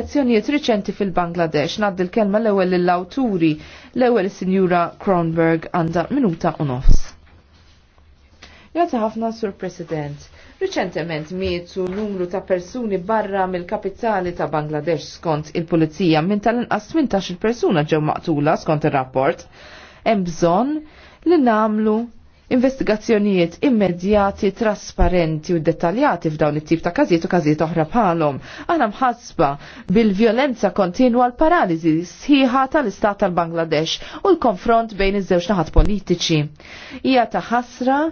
Azzjonijiet riċenti fil-Bangladesh naddi l-kelma l-ewwel lill-awturi, l-ewwel sinjura Kronberg għandha minuta u nofs. Grazie ħafna, Sur President. Riċentement mietu numru ta' persuni barra mill-kapitali ta' Bangladesh skont il-Pulizija minn tal-inqas 18 persuna ġew maqtula skont ir-rapport. Hemm bżonn li namlu investigazzjonijiet immedjati, trasparenti u dettaljati f'dawn it-tip ta' każijiet u każijiet oħra bħalhom. Aħna mħassba bil-vjolenza kontinwa l-paraliżi sħiħa tal-Istat tal-Bangladesh u l-konfront bejn iż-żewġ naħat politiċi. Hija ta' ħasra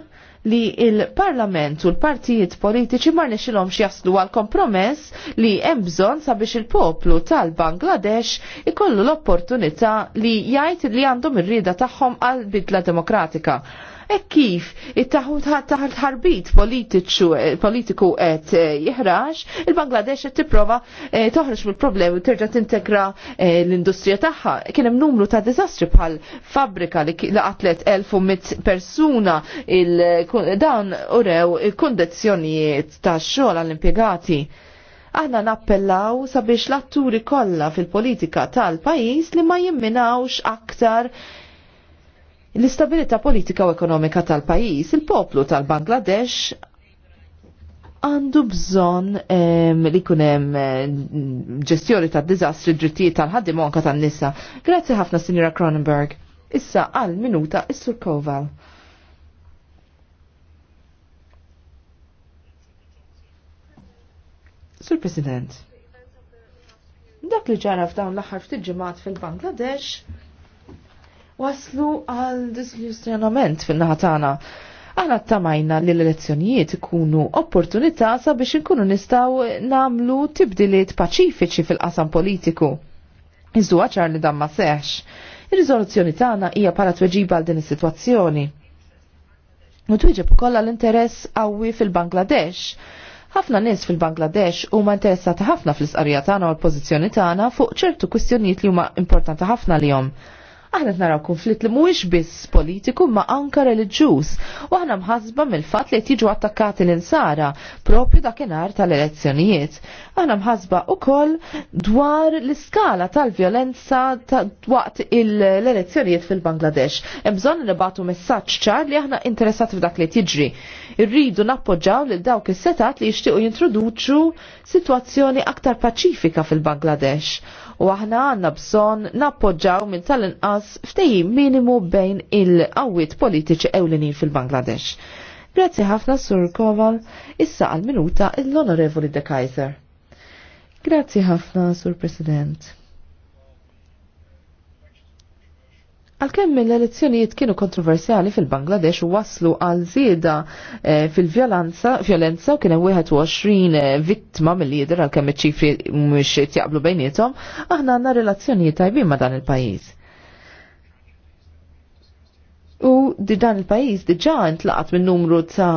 li il-parlament u l-partijiet politiċi ma rnexilhomx jaslu għal kompromess li jembżon sabiex il-poplu tal-Bangladesh ikollu l-opportunità li jgħid li għandhom ir-rida tagħhom għal bidla demokratika e kif it-taħarbit e e, politiku qed e, jihrax, il-Bangladesh qed tipprova toħroġ mill-problemi u terġa' tintegra l-industrija tagħha. Kien hemm numru ta' diżastri bħal fabbrika li qatlet 1100 persuna dan urew il-kondizzjonijiet tax-xogħol għall-impjegati aħna nappellaw sabiex l-atturi kollha fil-politika tal pajjiż li ma jimminawx aktar l-istabilità politika u ekonomika tal-pajis, il-poplu tal-Bangladesh għandu bżon eh, li kunem ġestjoni ta' dizastri drittijiet tal-ħaddim anka tan-nisa. Grazzi ħafna, Sinjora Cronenberg. Issa għal minuta is-Sur Koval. Sur President, dak li ġara f'dawn l-aħħar ftit ġimgħat fil-Bangladesh waslu għal disillusjonament fil-naħatana. Għana tamajna li l-elezzjonijiet ikunu opportunità sabiex nkunu nistaw namlu tibdiliet paċifiċi fil-qasam politiku. Iżdu għaċar li dan ma seħx. Il-rizoluzzjoni tagħna hija bħala tweġiba għal din is-sitwazzjoni. U twieġeb ukoll l-interess qawwi fil-Bangladesh ħafna nies fil-Bangladesh huma interessati ħafna fl isqarija tagħna u l-pożizzjoni tagħna fuq ċertu kwistjonijiet li huma importanti ħafna lihom aħna naraw konflitt li mhuwiex biss politiku ma anka reliġjuż u aħna mħasba mill-fatt li qed jiġu attakkati l-insara propju dakinhar tal-elezzjonijiet. Aħna mħasba wkoll dwar l-iskala tal-vjolenza waqt l-elezzjonijiet fil-Bangladesh. Hemm bżonn nibagħtu messaġġ ċar li aħna interessati f'dak li tiġri. Irridu nappoġġaw lil dawk is-setat li jixtiequ jintroduċu sitwazzjoni aktar paċifika fil-Bangladesh u aħna għanna bżon nappoġġaw minn tal-inqas ftejim minimu bejn il-qawwiet politiċi ewlenin fil-Bangladesh. Grazzi ħafna Sur Koval, issa għal-minuta l-Onorevoli De Kaiser. Grazzi ħafna Sur President. Għalkemm l-elezzjonijiet kienu kontroversjali fil-Bangladesh u waslu għal zieda eh, fil-vjolenza violenza u kien hemm 21 eh, vittma mill-lider għalkemm iċ-ċifri mhux jaqblu bejniethom, aħna għandna relazzjonijiet tajbin ma' dan il-pajjiż. U di dan il-pajis diġa intlaqat minn numru ta'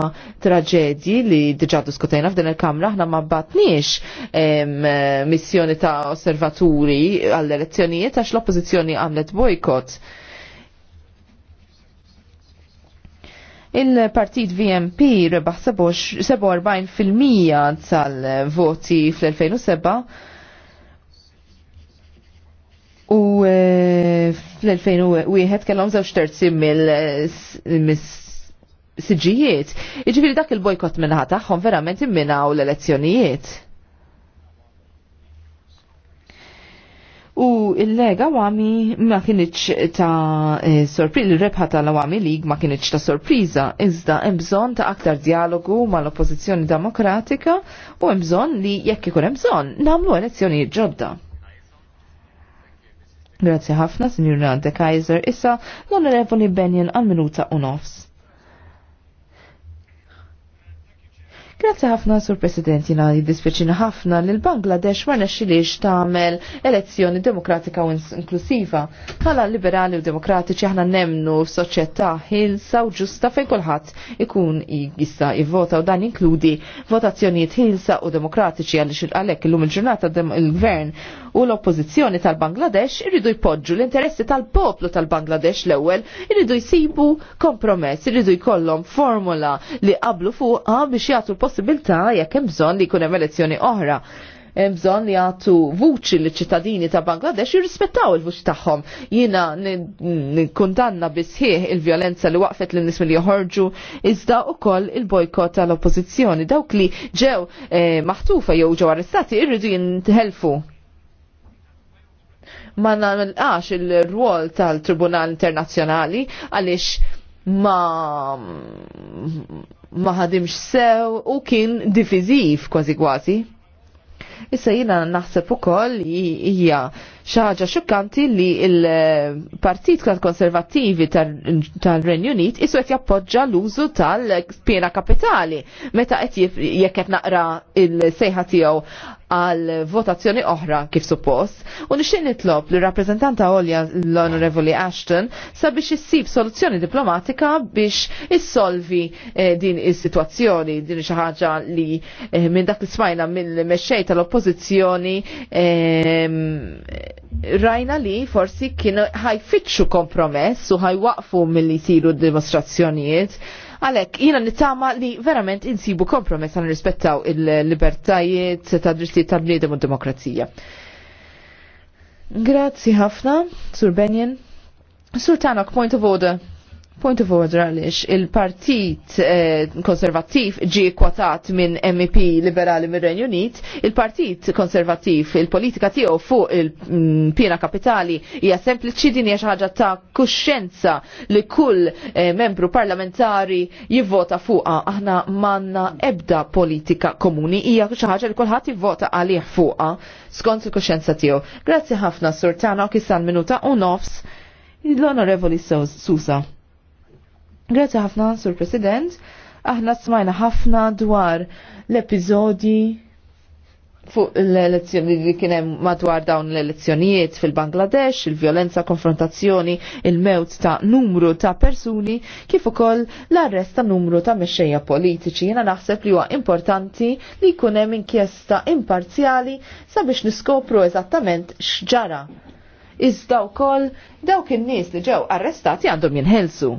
traġedji li diġa diskutajna f'din il-kamra aħna ma batniex missjoni ta' osservaturi għall-elezzjonijiet għax l-oppozizjoni għamlet bojkot Il-partit VMP rebaħ 47% tal-voti fl-2007 u fl-2001 kellhom żewġ terzi mill-siġijiet. Iġifieri dak il-bojkott minnaħa tagħhom verament imminaw l-elezzjonijiet. U il-lega għami ma kienieċ ta' eh, sorpriz, il-rebħa tal għami lig ma kienieċ ta' sorpriza, iżda imbżon ta' aktar dialogu ma' l-oppozizjoni demokratika u imbżon li jekk ikun imbżon namlu elezzjoni ġodda. Grazie ħafna, Signor De Kaiser, issa l-onorevoli Benjen għal-minuta u nofs. Grazzi ħafna, Sur President, jina jiddispeċina ħafna li l-Bangladesh ma nexxilix tagħmel elezzjoni demokratika u inklusiva. Bħala liberali u demokratiċi aħna nemnu f'soċjetà ħilsa u ġusta fejn kulħadd ikun jista' jivvota u dan inkludi votazzjonijiet ħilsa u demokratiċi għaliex l illum il-ġurnata il-gvern u l-oppożizzjoni tal-Bangladesh irridu jpoġġu l-interessi tal-poplu tal-Bangladesh l-ewwel, irridu jsibu kompromess, irridu jkollhom formula li qablu fuqha biex jagħtu l-post il-possibilità jekk hemm bżonn li jkun hemm elezzjoni oħra bżonn li għatu vuċi li ċittadini ta' Bangladesh jirrispettaw il-vuċi tagħhom. Jiena kundanna bisħieħ il vjolenza li waqfet l nies li joħorġu iżda ukoll il-bojkot tal-oppożizzjoni. Dawk li ġew eh, maħtufa jew ġew arrestati irridu jintħelfu ma nagħmilqax il-rwol tal-Tribunal Internazzjonali għaliex ma ma ħadimx sew u kien difiżiv kważi kważi. Issa jina naħseb ukoll hija Xaġa xukkanti li il-Partit Konservattivi tal-Renju Unit isu għet jappoġġa l-użu tal-pjena kapitali meta qed jekk qed naqra il-sejħa tiegħu għal votazzjoni oħra kif suppost. U nixin nitlob li rappresentanta Olja l-Onorevoli Ashton sabiex issib soluzzjoni diplomatika biex issolvi eh, din is-sitwazzjoni, din xi ħaġa li eh, minn dak li smajna mill-mexxej tal-oppożizzjoni ehm, rajna li forsi kienu ħajfittxu kompromess u ħajwaqfu mill-li d-dimostrazzjonijiet, Għalek, jina nittama li verament insibu kompromess għan rispettaw il-libertajiet ta' drittijiet ta' bniedem u demokrazija. Grazzi ħafna, Sur Benjen. Sur Tanok, point of order. Point of order għalix, il-partit eh, konservativ ġi kwatat minn MEP liberali mir renju Unit, il-partit konservativ, il-politika tiegħu fuq il-pina kapitali hija sempliċi din hija xi ħaġa ta' kuxjenza li kull eh, membru parlamentari jivvota fuqha. Aħna manna ebda politika komuni hija xi ħaġa li kulħadd jivvota għalih fuqha skont il-kuxjenza tiegħu. Grazzi ħafna Sur Tana issa minuta u nofs l-Onorevoli Susa. Grazie ħafna, Sur President. Aħna smajna ħafna dwar l-epizodi fuq l-elezzjoni li kienem madwar dawn l-elezzjonijiet fil-Bangladesh, il-violenza, konfrontazzjoni, il-mewt ta' numru ta' persuni, kif ukoll l-arrest ta' numru ta' mexxejja politiċi. Jena naħseb li huwa importanti li jkun hemm inkjesta imparzjali sabiex niskopru eżattament x'ġara. Iżda wkoll dawk in-nies li ġew arrestati għandhom jinħelsu.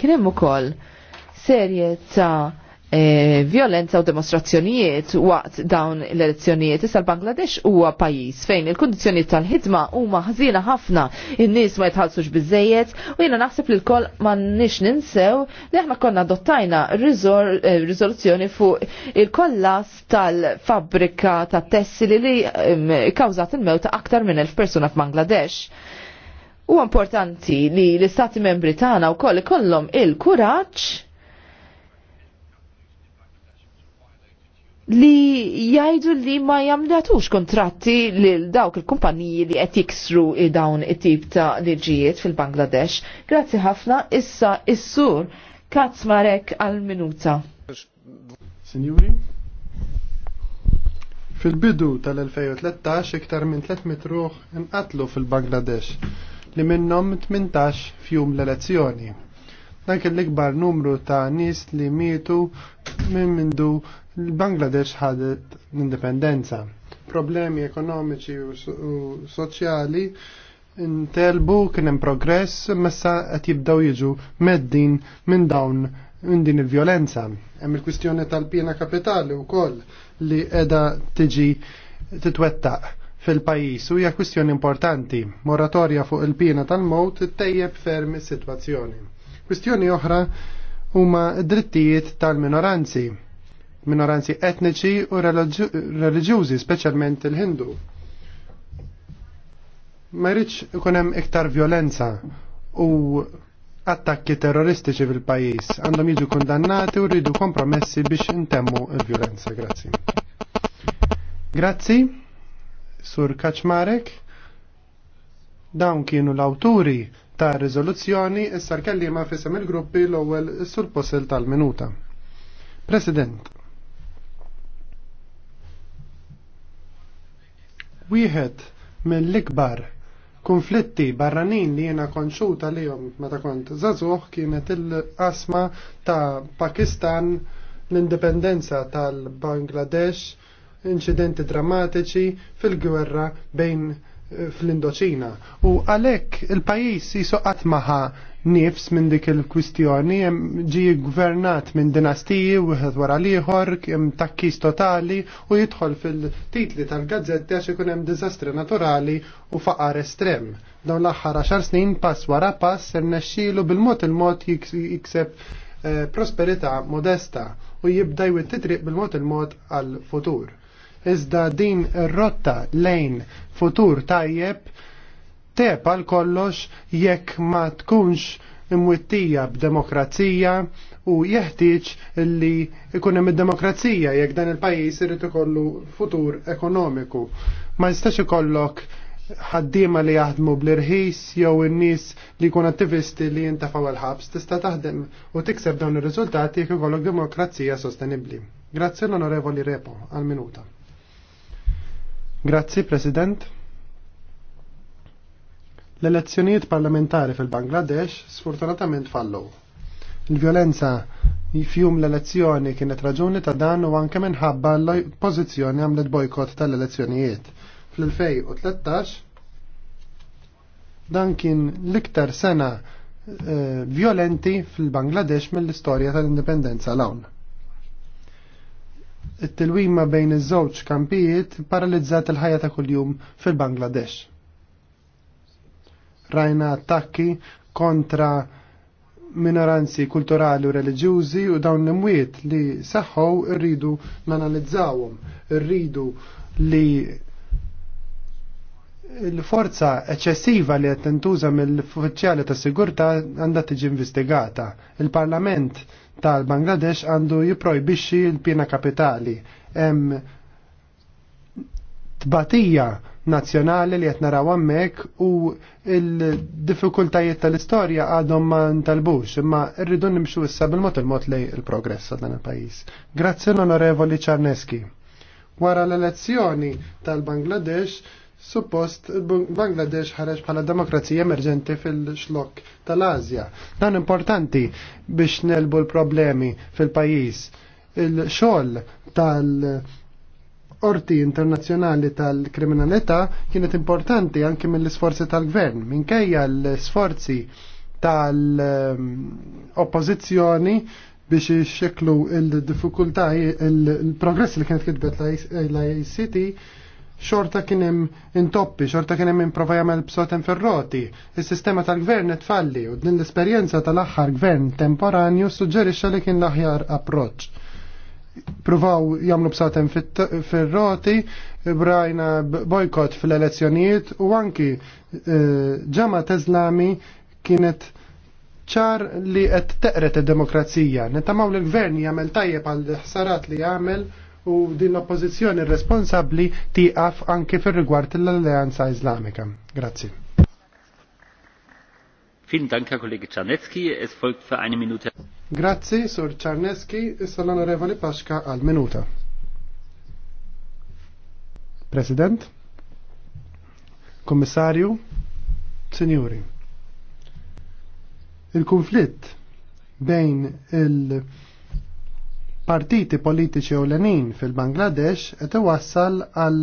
Kien hemm ukoll serje ta' E, violenza u demonstrazzjonijiet waqt dawn l-elezzjonijiet. Issa l-Bangladesh huwa pajjiż fejn il-kundizzjonijiet tal-ħidma huma ħażina ħafna, in-nies ma jitħallsux biżejjed u jiena naħseb li l m'għandniex ninsew li aħna konna adottajna riżoluzzjoni eh, fuq il-kollas tal-fabbrika tat-tessili li kawżat il-mewt aktar minn elf persuna f'Bangladesh U importanti li l-Istati membri tagħna wkoll ikollhom il-kuraġġ li jgħidu li ma jamlatux kontratti lil dawk il-kumpaniji li qed jiksru dawn it-tip ta' liġijiet fil-Bangladesh. Grazzi ħafna issa is-sur Katz Marek għal-minuta. Signori, fil-bidu tal-2013 iktar minn 3 ruħ inqatlu fil-Bangladesh li minnhom 18 fjum l-elezzjoni. Dak l-ikbar numru ta' nies li mietu minn mindu l-Bangladesh ħadet l-indipendenza. Problemi ekonomiċi u soċjali intelbu kien hemm progress messa qed jibdew jiġu meddin minn dawn minn din il-vjolenza. Hemm il-kwistjoni tal-pjena kapitali wkoll li qiegħda tiġi titwettaq fil-pajis u hija kwistjoni importanti, moratorja fuq il-pina tal-mowt tejjeb ferm is-sitwazzjoni. Kwistjoni oħra huma drittijiet tal-minoranzi, minoranzi etniċi u reliġjużi, speċjalment il-Hindu. Ma jridx ikun hemm iktar violenza u attakki terroristiċi fil-pajis għandhom jiġu kundannati u rridu kompromessi biex intemmu il-violenza. Grazzi. Grazzi. Sur Kaczmarek, dawn kienu l-awturi ta' rizoluzzjoni issa l-kellima fissem il-gruppi l-ewwel sur posil tal-minuta. President. Wieħed mill-ikbar konflitti barranin li jena konxuta li jom meta kont zazuħ kienet il-qasma ta' Pakistan l-indipendenza tal-Bangladesh inċidenti drammatiċi fil-gwerra bejn eh, fl-Indoċina. U għalek il-pajis jisoqqat maħa nifs minn dik il-kwistjoni, ġi gvernat minn dinastiji u għed wara liħor, takkis totali u jidħol fil-titli tal-gazzetti għax ikun hemm dizastri naturali u faqar estrem. Dawn l-aħħar 10 snin pass wara pass nesċilu bil-mod il-mod jikseb eh, prosperità modesta u jibda jwittitriq bil-mod il-mod għal-futur iżda din ir-rotta lejn futur tajjeb tep għal kollox jekk ma tkunx imwittija b'demokrazija u jeħtieġ li ikun hemm id-demokrazija jekk dan il-pajjiż irid ikollu futur ekonomiku. Ma jistax ikollok ħaddiema li jaħdmu bl-irħis jew in-nies li jkun attivisti li jintafaw il-ħabs tista' taħdem u tikseb dawn ir-riżultati jekk ikollok demokrazija sostenibbli. Grazzi l-Onorevoli Repo għal minuta. Grazzi, President. L-elezzjonijiet parlamentari fil-Bangladesh sfortunatament fallow. Il-violenza fjum l-elezzjoni kienet raġuni ta' dan u anke minħabba l-pożizzjoni għamlet bojkot tal-elezzjonijiet. Fl-2013 dan kien l-iktar sena eh, violenti fil-Bangladesh mill-istorja tal-indipendenza l-awn it-tilwima bejn iż-żewġ kampijiet paralizzat il-ħajja ta' kuljum fil-Bangladesh. Rajna attakki kontra minoranzi kulturali u reliġjużi u dawn l-imwiet li saħħu rridu nanalizzawhom, rridu li il-forza eċċessiva li qed tintuża mill-uffiċjali ta' sigurtà għandha tiġi investigata. Il-Parlament tal-Bangladesh għandu jipprojbixxi l-pina kapitali. Hemm tbatija nazzjonali li qed naraw hemmhekk u l-diffikultajiet tal-istorja għadhom ma ntalbux, imma rridu nimxu issa bil-mod il-mod lej il-progress għal dan il-pajjiż. Grazzi l-Onorevoli Czarneski. Wara l-elezzjoni tal-Bangladesh Suppost, Bangladesh ħareġ bħala demokrazija emerġenti fil-xlok tal-Azja. Dan importanti biex nelbu l-problemi fil-pajis. Il-xol tal-orti internazjonali tal-kriminalità kienet importanti anke mill-sforzi tal-gvern. Minkejja l-sforzi tal-oppozizjoni biex ixxeklu il difukultaj il-progress li kienet kitbet l-ICT, xorta kien hemm intoppi, xorta kien hemm improva jagħmel b'sotem ferroti. Is-sistema tal-gvern tfalli u din l-esperjenza tal-aħħar gvern temporanju suġġerixxa li kien l-aħjar approċċ. Pruvaw jagħmlu b'sotem ferroti, brajna bojkot fil-elezzjonijiet u anki eh, ġama teżlami kienet ċar li qed teqret id-demokrazija. Nittamaw li l-gvern jagħmel tajjeb għal ħsarat li jagħmel u din l-oppozizjoni responsabli tiqaf anke fir-rigward l-Alleanza Islamika. Grazzi. Vielen Dank, Herr Kollege Czarnecki. Es folgt für eine Minute. Grazie, Sur Czarnecki. Issa l-Onorevoli Paschka al minuta. Präsident, Kommissario, Signori. Il-konflitt bejn il- partiti politiċi ewlenin fil-Bangladesh qed iwassal għal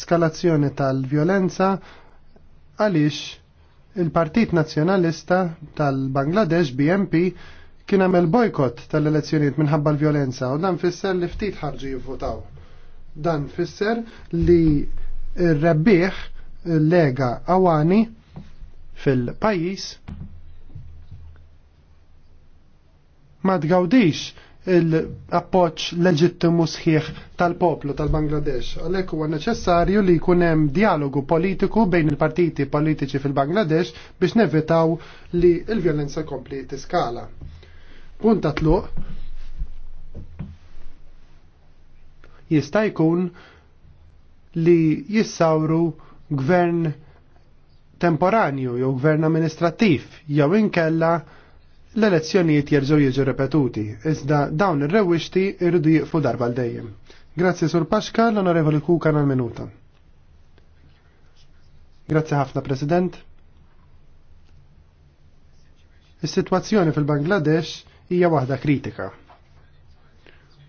skalazzjoni tal-vjolenza għaliex il-Partit Nazzjonalista tal-Bangladesh BMP kien għamel bojkott tal-elezzjonijiet minħabba l violenza u dan fisser li ftit ħarġu jivvotaw. Dan fisser li r-rebbieħ lega awani fil-pajis ma tgawdix l-appoċ leġittimu sħiħ tal-poplu tal-Bangladesh. Għalek huwa neċessarju li jkun hemm dialogu politiku bejn il-partiti politiċi fil-Bangladesh biex nevitaw li l-vjolenza kompli t-skala. Punta tluq jista' jkun li jissawru gvern temporanju jew gvern amministrattiv jew inkella l-elezzjonijiet jerġgħu jiġu repetuti, iżda dawn ir-rewwixti jridu jieqfu darba l dejjem. Grazzi sur Paxka l-Onorevoli Kukan għal minuta. Grazzi ħafna President. Is-sitwazzjoni fil-Bangladesh hija waħda kritika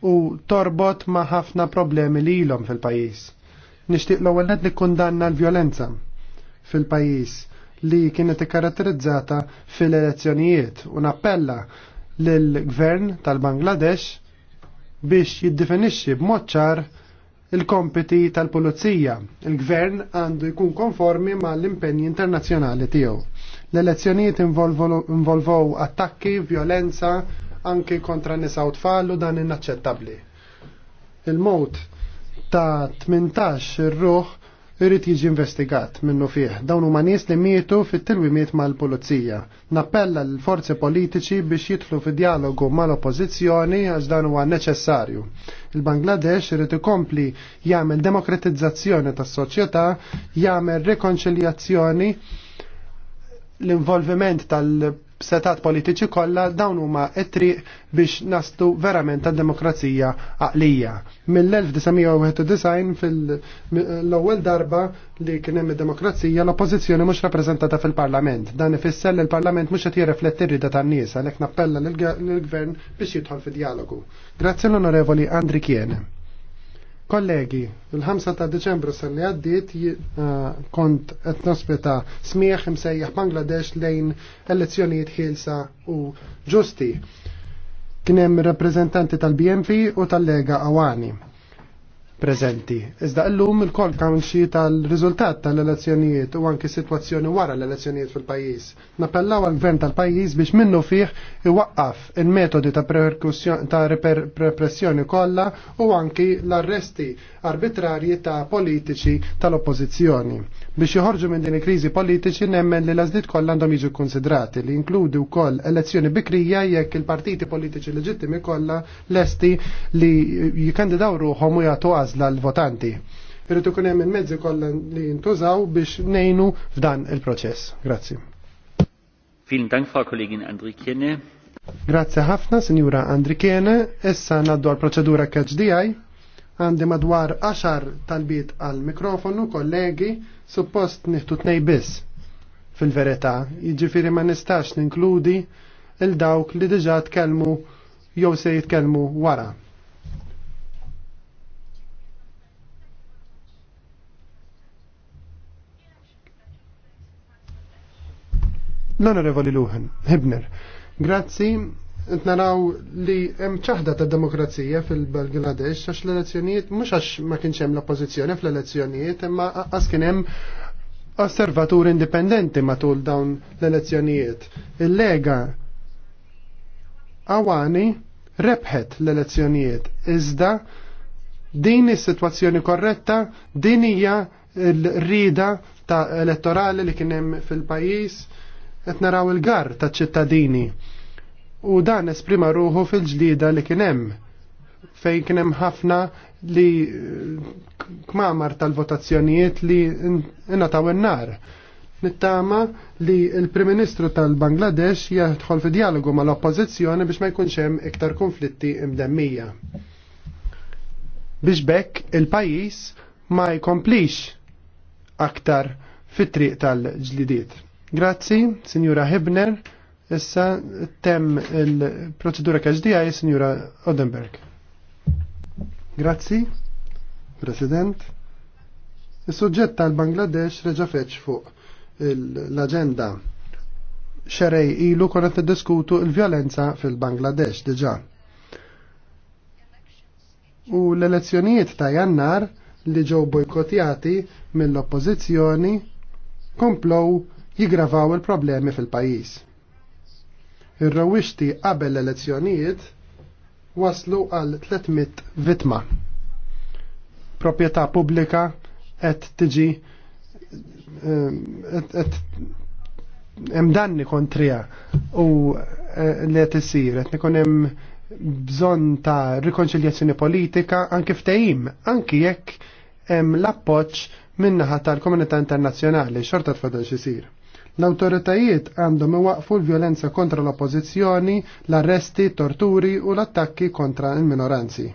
u torbot ma' ħafna problemi li ilhom fil-pajjiż. Nixtieq l-ewwel qed nikkundanna l-vjolenza fil-pajjiż li kienet ikkaratterizzata fil-elezzjonijiet u nappella lill-gvern tal-Bangladesh biex jiddefinixxi b'mod ċar il-kompiti tal-pulizija. Il-gvern għandu jkun konformi mal-impenni internazzjonali tiegħu. L-elezzjonijiet involvow attakki, violenza, anki kontra nisa u tfal u dan inaċċettabbli. Il-mod ta' 18 ir-ruħ irrit jiġi investigat minnu fih. Dawn huma nies li mietu fit-tilwimiet mal-pulizija. Nappella l-forzi politiċi biex jidħlu fid dialogu mal-oppożizzjoni għax dan huwa neċessarju. Il-Bangladesh irid ikompli jagħmel demokratizzazzjoni tas-soċjetà, jagħmel rekonċiljazzjoni l-involviment tal- setat politiċi kollha dawn huma t-triq biex nastu verament ta' demokrazija għaqlija. Mill-1991 fil-ewwel darba li kien hemm id-demokrazija l-oppożizzjoni mhux rappreżentata fil-Parlament. Dan ifisser li l-Parlament mhux qed jirrifletti r-rida tan-nies għalhekk nappella lill-Gvern biex jidħol fid-dialogu. Grazzi l-Onorevoli Andri Kiene. Kollegi, il-5 ta' Deċembru sar li għaddiet ah, kont etnospeta smieħ imsejjaħ Bangladesh lejn elezzjonijiet ħilsa u ġusti. Kien hemm rappreżentanti tal bmv u tal-Lega Awani preżenti. Iżda l-lum il-kol kamxi tal-riżultat tal-elezzjonijiet u anki situazzjoni wara l-elezzjonijiet fil-pajjiż. Napellaw għal-gvern tal-pajjiż biex minnu fih iwaqqaf il-metodi ta' ta' repressjoni kollha u anki l-arresti arbitrarji ta' politiċi tal-oppożizzjoni. Biex joħorġu minn din il-kriżi politiċi nemmen li l-għażliet kollha għandhom jiġu konsidrati li jinkludi wkoll elezzjoni bikrija jekk il-partiti politiċi leġittimi kollha lesti li jikandidaw ruħom u jagħtu għażla l-votanti. Irrid ikun hemm il-mezzi kollha li jintużaw biex ngħinu f'dan il-proċess. Grazzi. Vielen Dank, Frau Kollegin Andrikene. Grazie ħafna, Andri Andrikene. Issa naddu għal proċedura KHDI. Għandi madwar 10 talbiet għal mikrofonu, kollegi suppost nieħdu tnej biss. Fil-verità, jiġifieri ma nistax ninkludi il dawk li diġà tkellmu jew se jitkellmu wara. L-Onorevoli Luhan, Hibner, grazzi naraw li hemm ċaħda ta' demokrazija fil-Bangladesh għax l-elezzjonijiet mhux għax ma kienx hemm l-oppożizzjoni fl-elezzjonijiet imma qas kien hemm osservatur indipendenti matul dawn l-elezzjonijiet. Il-Lega Awani rebħet l-elezzjonijiet iżda din is-sitwazzjoni korretta din hija l-rida ta' elettorali li kien hemm fil-pajjiż qed naraw il-gar ta' ċittadini u dan esprima ruħu fil-ġlida li kienem fejn kienem ħafna li eh, kmamar tal-votazzjonijiet li inataw in-nar. Nittama li il-Prim Ministru tal-Bangladesh jadħol fi dialogu mal-oppożizzjoni biex ma jkunx hemm iktar konflitti imdemmija. Biex bekk il-pajjiż ma jkomplix aktar fit-triq tal-ġlidiet. Grazzi, Sinjura Hibner Issa tem il-proċedura KHDI, Signora Odenberg. Grazzi, President. Is-suġġett tal-Bangladesh reġa' feċ fuq l-agenda xerej ilu konna diskutu il-violenza fil-Bangladesh diġa. U l-elezzjonijiet ta' jannar li ġew bojkotjati mill-oppożizzjoni komplow jigravaw il-problemi fil-pajis. Ir-rawixti qabel l-elezzjonijiet waslu għal 300 vittma. Proprjetà pubblika qed tiġi ehm, qed hemm danni kontrija u eh, li qed isir qed ikun hemm bżonn ta' rikonċiljazzjoni politika anke ftehim, anki jekk hemm l-appoġġ min-naħa tal-komunità internazzjonali xorta tfadal xisir. L-autoritajiet għandhom iwaqfu l-violenza kontra l-oppożizzjoni, l-arresti, torturi u l-attakki kontra l-minoranzi.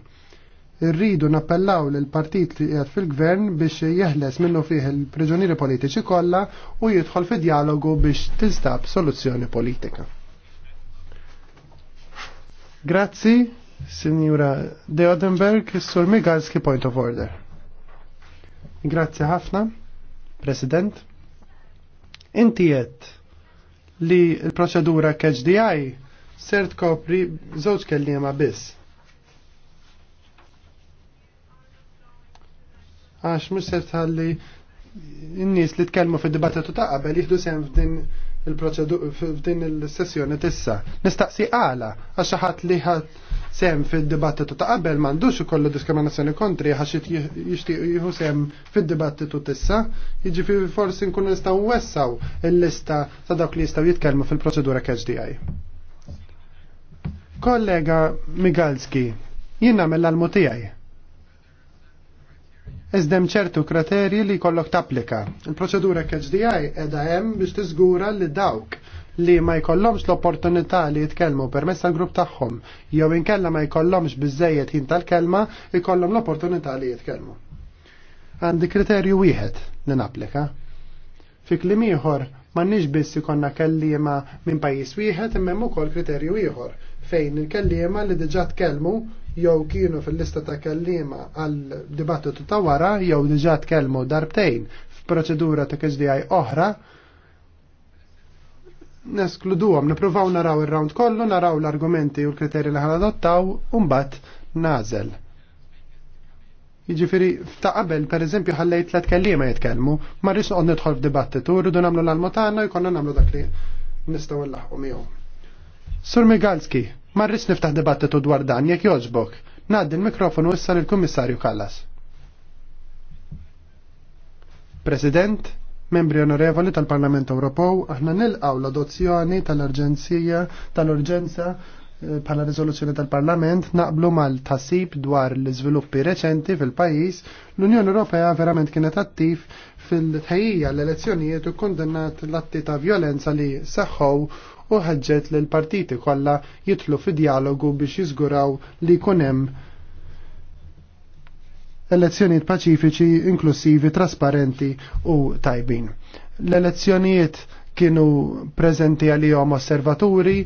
Irridu nappellaw l partit li qiegħed fil-gvern biex jeħles minnu fih il-priġunieri politiċi kollha u jidħol fi dialogu biex tinstab soluzzjoni politika. Grazzi, Signora Odenberg, Sur Migalski Point of Order. Grazzi ħafna, President. Inti jett li l-proċedura KHDI ser tkopri żewġ kelliema biss. Għax mux ser tħalli n-nies li tkellmu fid-dibattitu ta' qabel jieħdu sehem f'din il proċedura f'din il-sessjoni tissa. Nistaqsi għala għax ħadd li ħadd sem fil-dibattitu ta' qabel mandux ikollu diskriminazzjoni kontri għax jixtieq jieħu sem fil-dibattitu tissa, fi jiġifieri forsi nkunu nistgħu wessaw il-lista ta' dawk li jistgħu jitkellmu fil-proċedura KHDI. Kollega Migalski, jien nagħmel l tiegħi. Iżdem ċertu kriterji li kollok tapplika. Il-proċedura KHDI edha hemm biex tiżgura li dawk li ma jkollhomx l-opportunità li jitkellmu permezz tal-grupp tagħhom jew inkella ma jkollhomx biżejjed ħin tal-kelma jkollhom l-opportunità li jitkellmu. Għandi kriterju wieħed li napplika. Fi kliem ieħor m'għandniex biss ikonna kelliema minn pajjiż wieħed imma ukoll kriterju ieħor fejn il-kelliema li diġà tkellmu jew kienu fil-lista ta' kellima għal dibattitu ta' wara jew diġà tkellmu darbtejn f'proċedura ta' KSDI oħra neskluduhom, nippruvaw naraw ir-round kollu, naraw l-argumenti u l-kriterji li ħanadottaw u mbagħad nażel. Jiġifieri ta' qabel pereżempju ħallejt tliet kelliema jitkellmu, ma rridx nidħol f'dibattitu, rridu nagħmlu l-almotana jkollna nagħmlu dak li nistgħu nlaħqu miegħu. Sur Migalski, ma rridx niftaħ dibattitu dwar dan jekk jogħġbok. Ngħaddi l-mikrofonu issa lill-Kummissarju Kallas. President, Membri onorevoli tal-Parlament Ewropew, aħna nilqaw l-adozzjoni tal urġenzija tal-Urġenza eh, bħala riżoluzzjoni tal-Parlament naqblu mal-tasib dwar l-iżviluppi reċenti fil-pajjiż, l-Unjoni Ewropea verament kienet attiv fil ħejja l-elezzjonijiet u kondennat l-atti ta' violenza li saħħow u ħeġġet l-partiti kollha jitlu fi dialogu biex jiżguraw li jkun hemm elezzjonijiet paċifiċi, inklusivi, trasparenti u tajbin. L-elezzjonijiet kienu prezenti għalihom osservaturi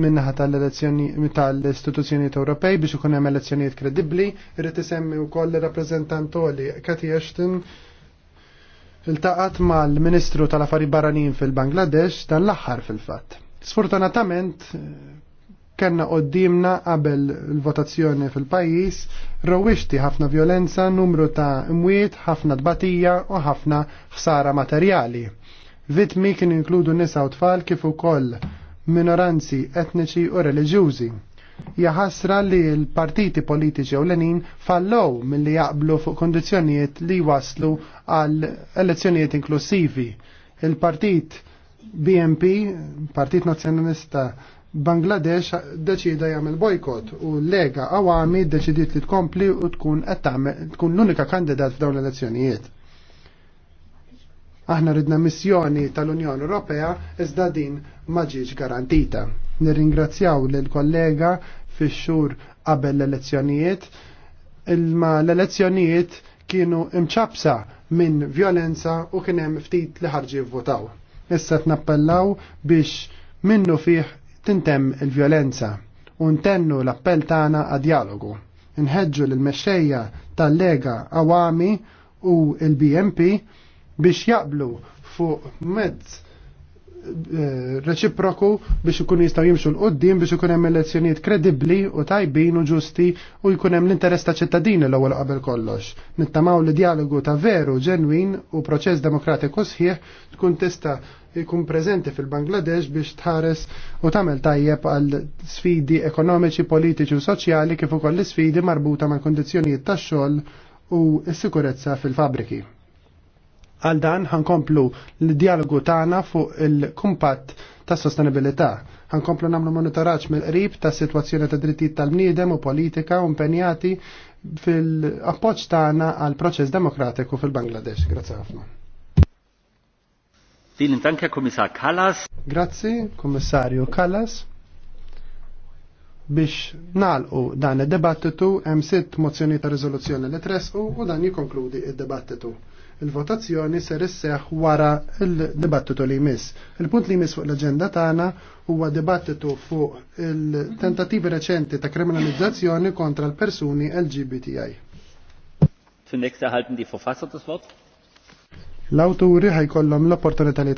minnaħa tal-elezzjoni tal-istituzzjonijiet Ewropej biex ikun hemm elezzjonijiet kredibbli, irid isemmi wkoll ir-rappreżentant Oli Cathy Ashton iltaqat mal-Ministru tal-Affari Barranin fil-Bangladesh dan l-aħħar fil-fatt. Sfortunatament kena qoddimna qabel l-votazzjoni fil-pajis, rowixti ħafna violenza, numru ta' mwiet, ħafna dbatija u ħafna ħsara materjali. Vitmi kien inkludu nisa u tfal kif ukoll minoranzi etniċi u reliġjużi jaħasra li l-partiti politiċi u l-enin fallow mill-li jaqblu fuq kondizjonijiet li waslu għal elezzjonijiet inklusivi. Il-partit BNP, Partit Nazjonalista Bangladesh deċida jagħmel bojkot u Lega Awami deċidiet li tkompli u tkun qed tkun l-unika kandidat f'dawn l-elezzjonijiet. Aħna ridna missjoni tal-Unjoni Ewropea iżda din ma ġiġ garantita. Nirringrazzjaw lil kollega fix-xhur qabel l-elezzjonijiet ilma l-elezzjonijiet kienu imċabsa minn violenza u kien hemm ftit li ħarġi votaw. Issa tnappellaw biex minnu fih tintem il-vjolenza u ntennu l-appell tagħna għad dialogu. Nħeġġu l-mexxejja tal-Lega Awami u l-BMP biex jaqblu fuq mezz Eh, reċiproku biex ikun jistgħu jimxu l-qoddim biex ikun hemm elezzjonijiet kredibbli u tajbin u ġusti u jkun hemm l-interess ta' ċittadini l-ewwel qabel kollox. Nittamaw li dialogu ta' veru ġenwin u proċess demokratiku sħiħ tkun tista' jkun preżenti fil-Bangladesh biex tħares u tagħmel tajjeb għal sfidi ekonomiċi, politiċi u soċjali kif ukoll l-sfidi marbuta mal-kondizzjonijiet tax-xogħol u s-sikurezza fil-fabriki. Għal dan ħankomplu l-dialogu tagħna fuq il-kumpat ta' sostenibilità. Ħankomplu nagħmlu monitoraġġ mill-qrib ta' sitwazzjoni ta' drittijiet tal-bniedem u politika u impenjati fil-appoġġ tagħna għal proċess demokratiku fil-Bangladesh. Grazzi ħafna. Vielen Dank, Herr Kommissar Kallas. Grazzi, Kummissarju Kallas biex nalqu dan id-debattitu hemm sitt mozzjoni ta' riżoluzzjoni li tresqu u dan jikkonkludi id-debattitu. Il-votazzjoni ser isseħ wara il-dibattitu li jmiss. Il-punt li jmiss fuq l-agenda tagħna huwa dibattitu fuq il-tentativi reċenti ta' kriminalizzazzjoni kontra l-persuni LGBTI. Zunächst erhalten die Verfasser das Wort. L-awturi ħajkollhom l-opportunità